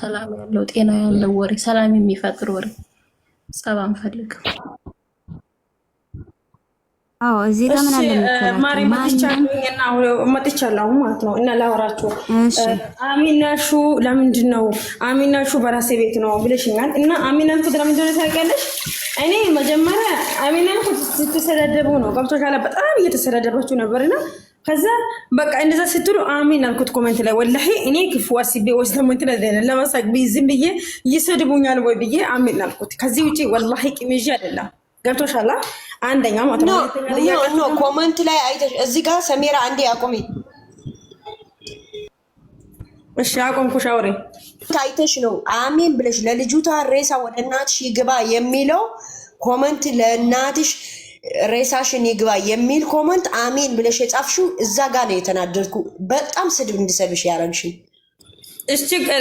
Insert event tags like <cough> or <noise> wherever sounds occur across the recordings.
ሰላም ያለው ጤና ያለው ወሬ፣ ሰላም የሚፈጥር ወሬ፣ ጸብ አንፈልግም። አዎ እዚህ ጋር ምን አለ ማሪ መጥቻለሁ ማለት ነው። እና ላወራችሁ አሚናሹ ለምንድን ነው አሚናሹ በራሴ ቤት ነው ብለሽኛል። እና አሚናሹ ለምንድን ነው ታውቂያለሽ? እኔ መጀመሪያ አሚናሹ ስትሰዳደቡ ነው ገብቶሻል። በጣም እየተሰዳደባችሁ ነበርና ከዛ በቃ እንደዛ ስትሉ አሚን አልኩት ኮሜንት ላይ ወላሂ እኔ ክፉ አስቤ ወስ ደግሞ እንትን ለመሳቅ ዝም ብዬ ይሰድቡኛል ወይ ብዬ አሚን አልኩት። ከዚህ ውጭ ወላሂ ቂም ይዤ አይደለም። ገብቶሻላ? አንደኛ ማለት ኮመንት ላይ አይተሽ እዚህ ጋር ሰሜራ አንዴ አቁሚ። እሺ አቆምኩሽ። አውሪ አይተሽ ነው አሚን ብለሽ ለልጁታ ሬሳ ወደ እናትሽ ይግባ የሚለው ኮመንት ለእናትሽ ሬሳሽን ይግባ የሚል ኮመንት አሜን ብለሽ የጻፍሽው እዛ ጋ ነው የተናደድኩ። በጣም ስድብ እንድሰብሽ ያረግሽኝ።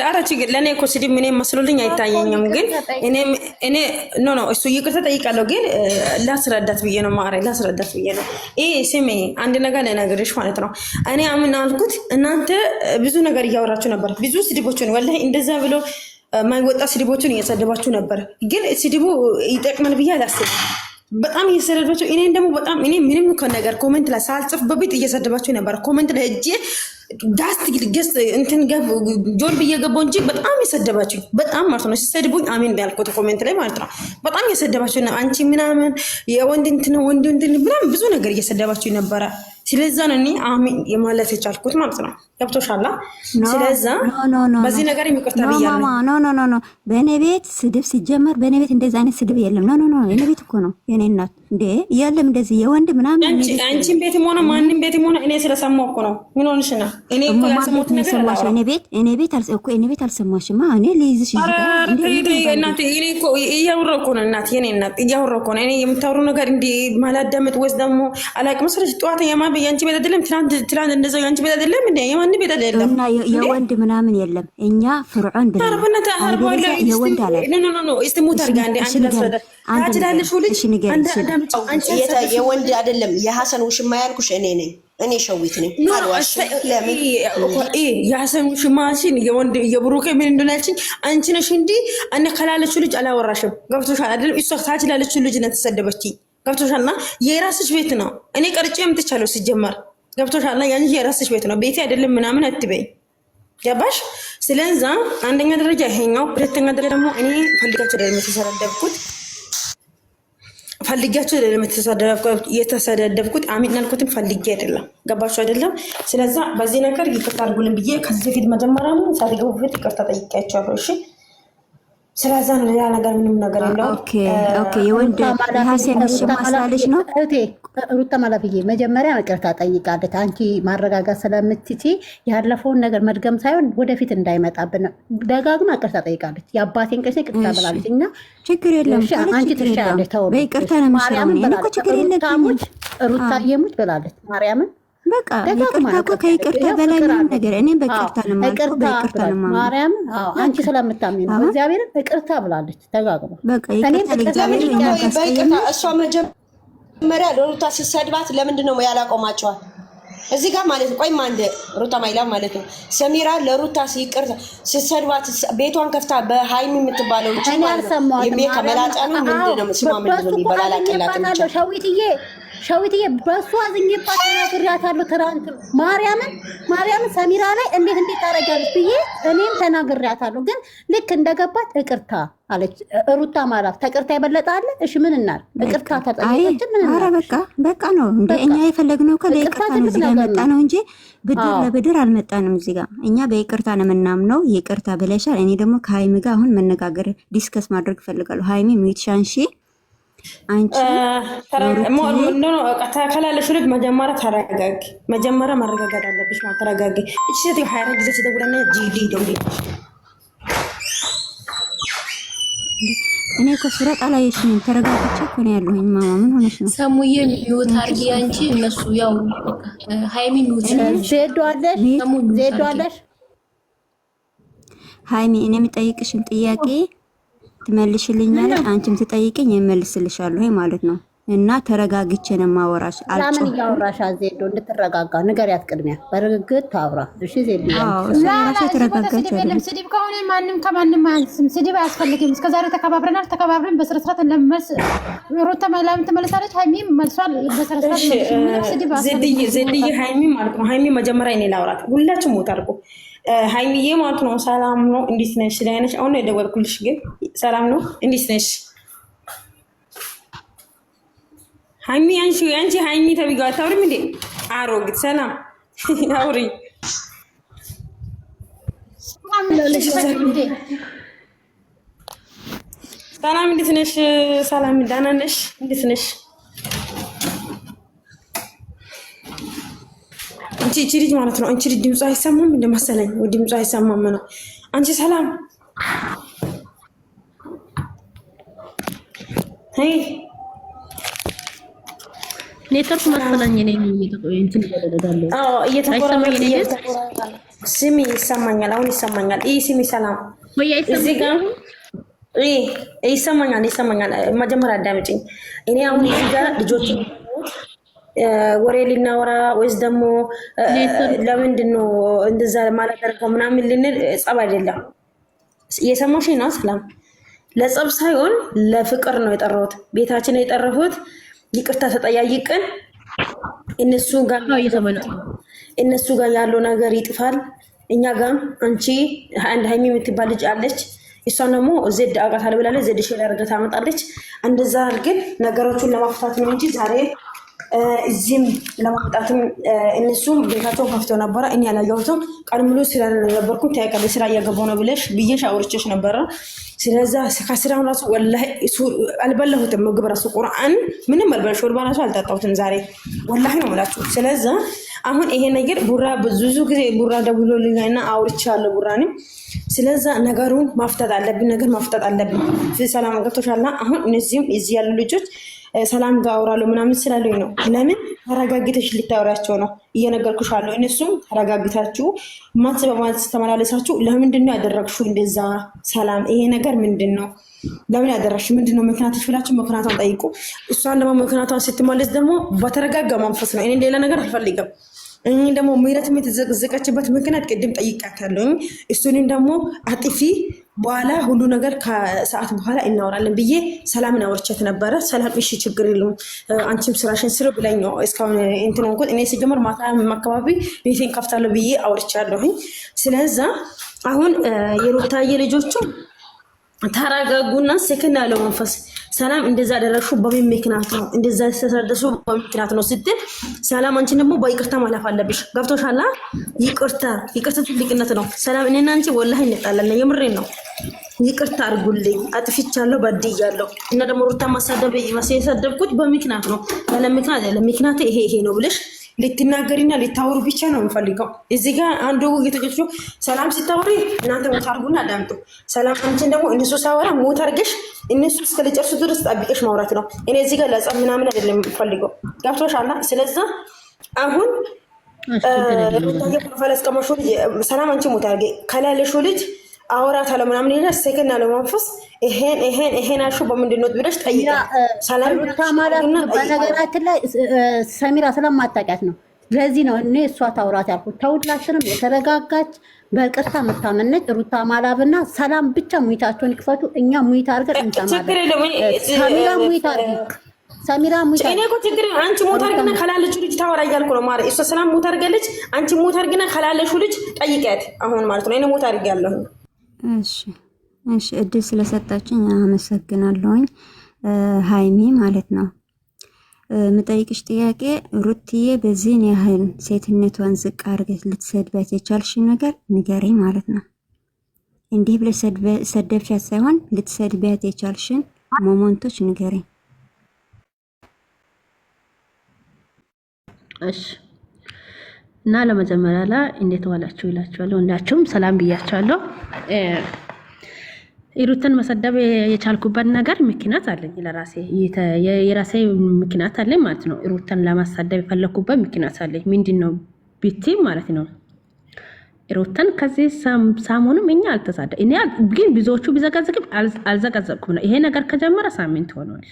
ኧረ ችግር ለእኔ እኮ ስድብ ምን መስሎልኝ አይታየኝም። ግን እኔ ኖ ኖ እሱ ይቅርታ ጠይቃለሁ። ግን ላስረዳት ብዬ ነው ማረ ላስረዳት ብዬ ነው። ይህ ስሜ አንድ ነገር ለነገርሽ ማለት ነው። እኔ አምን አልኩት። እናንተ ብዙ ነገር እያወራችሁ ነበር፣ ብዙ ስድቦችን ወላሂ እንደዛ ብሎ ማይወጣ ስድቦችን እየሰደባችሁ ነበር። ግን ስድቡ ይጠቅመን ብዬ አላስብም። በጣም እየሰደባቸው እኔን ደግሞ በጣም እኔ ምንም ነገር ኮመንት ላይ ሳልጽፍ በፊት እየሰደባቸው ነበር። ኮመንት ላይ እጄ ዳስት ገስ እንትን ጆን ብዬ ገባሁ እንጂ በጣም የሰደባቸው በጣም ማለት ነው። ሲሰድቡኝ አሜን ያልኩት ኮሜንት ላይ ማለት ነው። በጣም እየሰደባቸው አንቺ ምናምን የወንድ እንትን ወንድ ወንድ ምናምን ብዙ ነገር እየሰደባቸው ነበረ። ስለዛን እኔ አሚን የማለት የቻልኩት ማለት ነው። ገብቶሻላ? ስለዛ በዚህ ነገር የሚቆጣ ብያለሁ። ኖ ኖ ኖ ኖ በእኔ ቤት ስድብ ሲጀመር በእኔ ቤት እንደዛ አይነት ስድብ የለም። ኖ ኖ ኖ የእኔ ቤት እኮ ነው የእኔ እናት እንዴ የለም እንደዚህ የወንድ ምናምን። አንቺን ቤትም ሆነ ማንም ቤትም ሆነ እኔ ስለሰማሁ እኮ ነው። ምን ሆንሽ ነው? እኔ እኮ ያልሰማሁት ነገር አለ። እኔ ቤት እኔ ቤት አልሰ እኮ እኔ ቤት አልሰማሽማ። እኔ ልይዝሽ ይችላል እንዴ እናት። እኔ እኮ እያወራሁ እኮ ነው እናት፣ የእኔ እናት እያወራሁ እኮ ነው። እኔ የምታወሩ ነገር እንዲህ ማላዳመጥ ወይስ ደግሞ አላውቅም። ስለዚህ ጠዋት የማ የአንቺ ቤት አይደለም። ትናንት ትናንት እንደዛው የአንቺ ቤት አይደለም እንዴ? የማን ቤት አይደለም። የወንድ ምናምን የለም። እኛ ፍርዖን ብለ የወንድ አለ እስቲ ሙት እንዴ አንቺ የወንድ አይደለም። የሀሰን ውሽማ ያልኩሽ እኔ ነኝ። እኔ ሸዊት ነኝ። የሀሰን ውሽማሽን የብሩኬ ምን እንደሆናችን አንቺ ነሽ እንዲህ እነ ከላለችው ልጅ አላወራሽም። ገብቶሻል አይደለም? እሷ ታችላለችው ልጅ ነው ተሰደበችኝ ገብቶሻልና የራስሽ ቤት ነው። እኔ ቀርጬ የምትቻለው ሲጀመር ገብቶሻልና እና ያን የራስሽ ቤት ነው፣ ቤቴ አይደለም ምናምን አትበይ። ገባሽ? ስለዛ አንደኛ ደረጃ ይሄኛው፣ ሁለተኛ ደረጃ ደግሞ እኔ ፈልጋቸው ደለም የተሰደብኩት ፈልጊያቸው ደለም የተሰደደብኩት አሚን ያልኩትም ፈልጌ አይደለም። ገባችሁ አይደለም? ስለዛ በዚህ ነገር ይቅርታ አድርጉልን ብዬ ከዚህ በፊት መጀመሪያ ነው ሳትገቡ በፊት ይቅርታ ጠይቂያቸዋለሁ። እሺ ስለዛ ሌላ ነገር ምንም ነገር የለውም። የወንድ ማስላለች ነው ሩታ ማለፍዬ መጀመሪያ ይቅርታ ጠይቃለች። አንቺ ማረጋጋት ስለምትቺ ያለፈውን ነገር መድገም ሳይሆን ወደፊት እንዳይመጣብን ደጋግማ ቅርታ ጠይቃለች። የአባቴን ቅርሴ ቅርታ ብላለች እና ችግር የለም አንቺ ትሻለች ተውሉ ሩታ የሙች ብላለች ማርያምን በቃ ይቅርታ እኮ ከይቅርታ በላይ ምንም ነገር እኔ በይቅርታ ልማቀ በይቅርታ ልማ ማርያም አንቺ ስለምታምኝ ነው። እግዚአብሔርን ይቅርታ ብላለች ተጋግማ በቃ ይቅርታ እሷ መጀመሪያ ለሩታ ስትሰድባት ለምንድን ነው ያላቆማቸዋል? እዚህ ጋር ማለት ነው። ቆይም አንድ ሩታ ማይላ ማለት ነው። ሰሚራ ለሩታ ይቅር ስትሰድባት ቤቷን ከፍታ በሀይሚ የምትባለው ጭ ማለት ነው። የሜ ነው ምንድን ነው ስማ ምንድን ነው ይበላላቅላጥ ሸዊትዬ ሸዊትዬ በእሷ አዝኜባት ተናግሬያታለሁ። ትናንት ማርያምን ማርያምን ሰሚራ ላይ እንዴት እንዴት ታደርጊያለሽ ብዬ እኔም ተናግሬያታለሁ። ግን ልክ እንደገባት እቅርታ አለች። ሩታ ማራፍ ተቅርታ የበለጠ አለ። እሺ ምን እናል? እቅርታ ተጠየቀች። ምን ኧረ በቃ በቃ ነው እንደ እኛ የፈለግነው እኮ በይቅርታ ነው እዚህ ጋር መጣ ነው እንጂ ብድር ለብድር አልመጣንም እዚህ ጋር። እኛ በይቅርታ ነው የምናምነው። ይቅርታ ብለሻል። እኔ ደግሞ ከሀይሚ ጋር አሁን መነጋገር ዲስከስ ማድረግ እፈልጋለሁ። ሀይሚ ሚትሻንሺ ከላለሽ ልጅ መጀመሪያ ተረጋግ፣ መጀመሪያ ማረጋጋት አለብሽ። ተረጋግ። እቺ ሴት ሀያ አራት ጊዜ ሲደውልና ጂዲ ደውል። እኔ እኮ ሱረቃ ላይ እሺ፣ ተረጋግቼ እኮ ነው ያለሁኝ። ማማ ምን ሆነሽ ነው? ሰሙዬ ሚውት አድርጊ አንቺ። እነሱ ያው ሀይሚ ሚውት ዜዶ አለሽ፣ ዜዶ አለሽ። ሃይሚ እኔ የምጠይቅሽን ጥያቄ ትመልሽልኛለሽ፣ አንቺም ትጠይቅኝ እመልስልሻለሁ ማለት ነው። እና ተረጋግቼ ነው የማወራሽ። ምን እያወራሽ ዜዶ? እንድትረጋጋ ንገሪያት ቅድሚያ። በርግግት ታውራ። እሺ ዜዶ ራሱ የተረጋጋች ስድብ ከሆነ ማንም ከማንም አንስም፣ ስድብ አያስፈልግም። እስከዛሬ ተከባብረናል። ተከባብረን በስነስርዓት ለመስ ሩታ መላም ትመለሳለች። ሀይሚም መልሷል በስነስርዓት። ስድብ ዜድዬ ሀይሚ ማለት ነው። ሀይሚ መጀመሪያ እኔ ላውራት ሁላችሁም ሞት አድርጎ ሀይሚዬ ማለት ነው። ሰላም ነው፣ እንዴት ነሽ? ደህና ነሽ? አሁን ነው የደወልኩልሽ። ግን ሰላም ነው፣ እንዴት ነሽ? ሀይሚ አንቺ አንቺ ሀይሚ ተብዬዋ አታውሪም እንዴ? አሮጊት ሰላም <laughs> አውሪ። ሰላም እንዴት ነሽ? ሰላም ደህና ነሽ? እንዴት ነሽ? እቺ ልጅ ማለት ነው። አንቺ ልጅ ድምፁ አይሰማም እንደመሰለኝ ወይ ድምፁ አይሰማም ነው። አንቺ ሰላም አይ ኔትወርክ መሰለኝ እኔ ስሚ፣ ይሰማኛል። አሁን ይሰማኛል። ይሄ ስሚ፣ ሰላም እዚህ ጋር ይሰማኛል፣ ይሰማኛል። መጀመሪያ አዳምጪኝ። እኔ አሁን እዚህ ጋር ልጆች ወሬ ሊናወራ ወይስ ደግሞ ለምንድን ነው እንደዛ ማላደርገው ምናምን ልንል ጸብ አይደለም። የሰሞሽ ነው ሰላም ለጸብ ሳይሆን ለፍቅር ነው የጠራሁት። ቤታችን የጠረፉት ይቅርታ ተጠያይቅን እነሱ ጋር እነሱ ጋር ያለው ነገር ይጥፋል። እኛ ጋር አንቺ አንድ ሀይሚ የምትባል ልጅ አለች። እሷን ደግሞ ዜድ አውቃታለሁ ብላለች። ዜድ ሼር አድርጋ ታመጣለች። እንደዛ ግን ነገሮቹን ለማፍታት ነው እንጂ ዛሬ እዚህም ለማምጣትም እነሱም ቤታቸውን ከፍተው ነበረ። እኔ ያላየሁትም ቀን ሙሉ ነበርኩ። ተያቀር ስራ እያገባ ነው ብለሽ ብዬሽ አውርቼሽ ነበረ። ስለዛ ከስራ ራሱ ወላሂ አልበላሁትም ምግብ ራሱ ቁርአን ምንም አልበላሽ ወርባ ራሱ አልጠጣሁትም ዛሬ ወላሂ ነው የምላችሁ። ስለዛ አሁን ይሄ ነገር ቡራ ብዙ ጊዜ ቡራ ደውሎልኛልና አውርቻለሁ ቡራንም። ስለዛ ነገሩን ማፍታት አለብን፣ ነገር ማፍታት አለብን። ሰላም ገብቶሻልና አሁን እነዚህም እዚህ ያሉ ልጆች ሰላም ጋር አውራለሁ ምናምን ስላሉኝ ነው። ለምን ተረጋግተሽ ልታወሪያቸው ነው እየነገርኩሽ አለው። እነሱም ተረጋግታችሁ ማት በማት ተመላለሳችሁ። ለምንድን ነው ያደረግሽው እንደዛ? ሰላም ይሄ ነገር ምንድን ነው? ለምን ያደረግሽው? ምንድን ነው ብላችሁ ምክንያቷን ጠይቁ። እሷን ደግሞ ምክንያቷን ስትመለስ ደግሞ በተረጋጋ መንፈስ ነው። እኔ ሌላ ነገር አልፈልግም። እኔ ደግሞ ምህረትም የተዘቀዘቀችበት ምክንያት ቅድም ጠይቃታለሁ። እሱንም ደግሞ አጥፊ በኋላ ሁሉ ነገር ከሰዓት በኋላ እናወራለን ብዬ ሰላምን አውርቻት ነበረ። ሰላም እሺ ችግር የለውም አንቺም ስራሽን ስር ብለኝ ነው እስካሁን እንትን ሆንኩት። እኔ ሲጀምር ማታ አካባቢ ቤቴን ከፍታለሁ ብዬ አውርቻለሁኝ። ስለዛ አሁን የሩታዬ ልጆቹም ተረጋጉና ሴከንድ ያለው መንፈስ ሰላም እንደዛ አደረግሽው በምን ምክንያት ነው? እንደዛ ተሰደሱ በምን ምክንያት ነው ስትል ሰላም አንቺን ደግሞ በይቅርታ ማለፍ አለብሽ። ገብቶሻላ? ይቅርታ ይቅርታ ትልቅነት ነው። ሰላም እኔና አንቺ ወላሂ እንጣላለን። የምሬን ነው። ይቅርታ አድርጉልኝ፣ አጥፍቻለሁ፣ በድያለሁ። እና ደግሞ ሩታ ማሳደብ የሰደብኩት በምክንያት ነው። ያለ ምክንያት ያለ ምክንያት ይሄ ይሄ ነው ብለሽ ልትናገሪና ልታወሩ ብቻ ነው የምፈልገው። እዚህ ጋር አንዱ የተገች ሰላም ስታወሪ እናንተ ሞት አርጉና አዳምጡ። ሰላም አንቺን ደግሞ እነሱ ሳወራ ሞት አርገሽ እነሱ እስከ እስከልጨርሱ ድረስ ጠብቀሽ ማውራት ነው። እኔ እዚህ ጋር ለጸብ ምናምን አይደለም የምፈልገው። ገብቶሻል? ስለዛ አሁን ሩታዬ ፕሮፋይል ሰላም አንቺ ሞት አርገ ከላለሽው ልጅ አውራት አለ ምናምን ይሄን ሰከን አለ መንፈስ ይሄን ይሄን ይሄን አሹ በምንድን ነው ብለሽ ጠይቂ። ሰላም ታማራና በነገራችን ላይ ሰሚራ ስለማታውቂያት ነው። ለዚህ ነው እኔ እሷ ታውራት ያልኩት። ተውላሽንም የተረጋጋች በቅርታ የምታመነጭ ሩታ ማላብና ሰላም ብቻ ሙይታቸውን ይክፈቱ። እኛ ሙይታ አድርገን እንሰማለን። ሰሚራ ሙይታ አድርግ ሰሚራ ሙይታ እኔ እኮ ችግር አንቺ ሞት አድርግና ከላለች ልጅ ታወራ እያልኩ ነው። ማለት እሷ ሰላም ሞት አድርጋለች። አንቺ ሞት አድርግና ከላለች ልጅ ጠይቀት አሁን ማለት ነው። እኔ ሞት አድርጋለሁ እሺ እሺ፣ እድል ስለሰጣችኝ አመሰግናለሁኝ ሀይሚ ማለት ነው። ምጠይቅሽ ጥያቄ ሩትዬ፣ በዚህን ያህል ሴትነቷን ዝቅ አድርገሽ ልትሰድቢያት የቻልሽ ነገር ንገሪ ማለት ነው። እንዲህ ብለሽ ሰደብሻት ሳይሆን ልትሰድቢያት የቻልሽን ሞመንቶች ንገሪ። እሺ እና ለመጀመሪያ ላይ እንዴት ዋላችሁ ይላችኋለሁ። ሁላችሁም ሰላም ብያችኋለሁ። ሂሩትን መሰደብ የቻልኩበት ነገር ምክንያት አለኝ፣ ለራሴ የራሴ ምክንያት አለኝ ማለት ነው። ሂሩትን ለማሳደብ የፈለግኩበት ምክንያት አለኝ። ምንድን ነው ቢቲ ማለት ነው። ሩትን ከዚህ ሳሙንም እኛ አልተሳደ ግን ብዙዎቹ ቢዘጋዘግም አልዘቀዘቅኩም ነው። ይሄ ነገር ከጀመረ ሳምንት ሆኗል።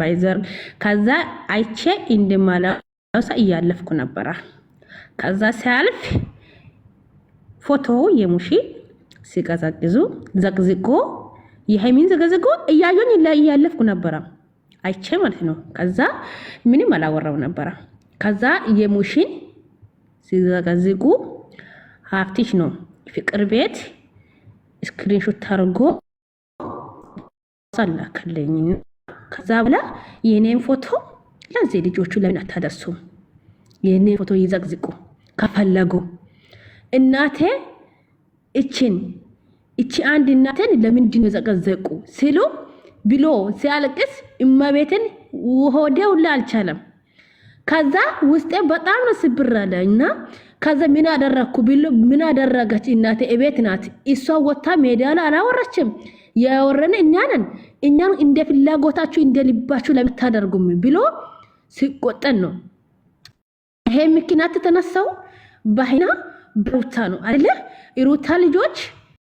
ባይዘር ከዛ አይቼ እንድማላ እያለፍኩ ነበራ ከዛ ሲያልፍ ፎቶ የሙሺ ሲቀዘቅዙ ዘቅዝቆ የሃይሚን ዘገዘጎ እያዩን እያለፍኩ ነበረ አይቼ ማለት ነው። ከዛ ምንም አላወራው ነበረ። ከዛ የሙሽን ሲዘቀዝቁ ሀፍቲሽ ነው ፍቅር ቤት ስክሪንሾት ታርጎ ሳላከለኝ ከዛ ብላ የኔን ፎቶ ለዚህ ልጆቹ ለምን አታደርሱም? የኔን ፎቶ ይዘቅዝቁ ከፈለጉ እናቴ እችን እቺ አንድ እናትን ለምንድን ዘቀዘቁ ሲሉ ብሎ ሲያለቅስ እመቤትን ሆዴ ሁላ አልቻለም። ከዛ ውስጤ በጣም ነው ስብራለ እና ከዛ ምን አደረግኩ ብሎ ምን አደረገች እናቴ እቤት ናት። እሷ ወታ ሜዳ ላይ አላወረችም። ያወረነ እኛ ነን። እኛን እንደ ፍላጎታችሁ እንደ ልባችሁ ለምታደርጉም ብሎ ሲቆጠን ነው ይሄ ምክንያት ተነሳው በሀይና በሩታ ነው አይደለ? የሩታ ልጆች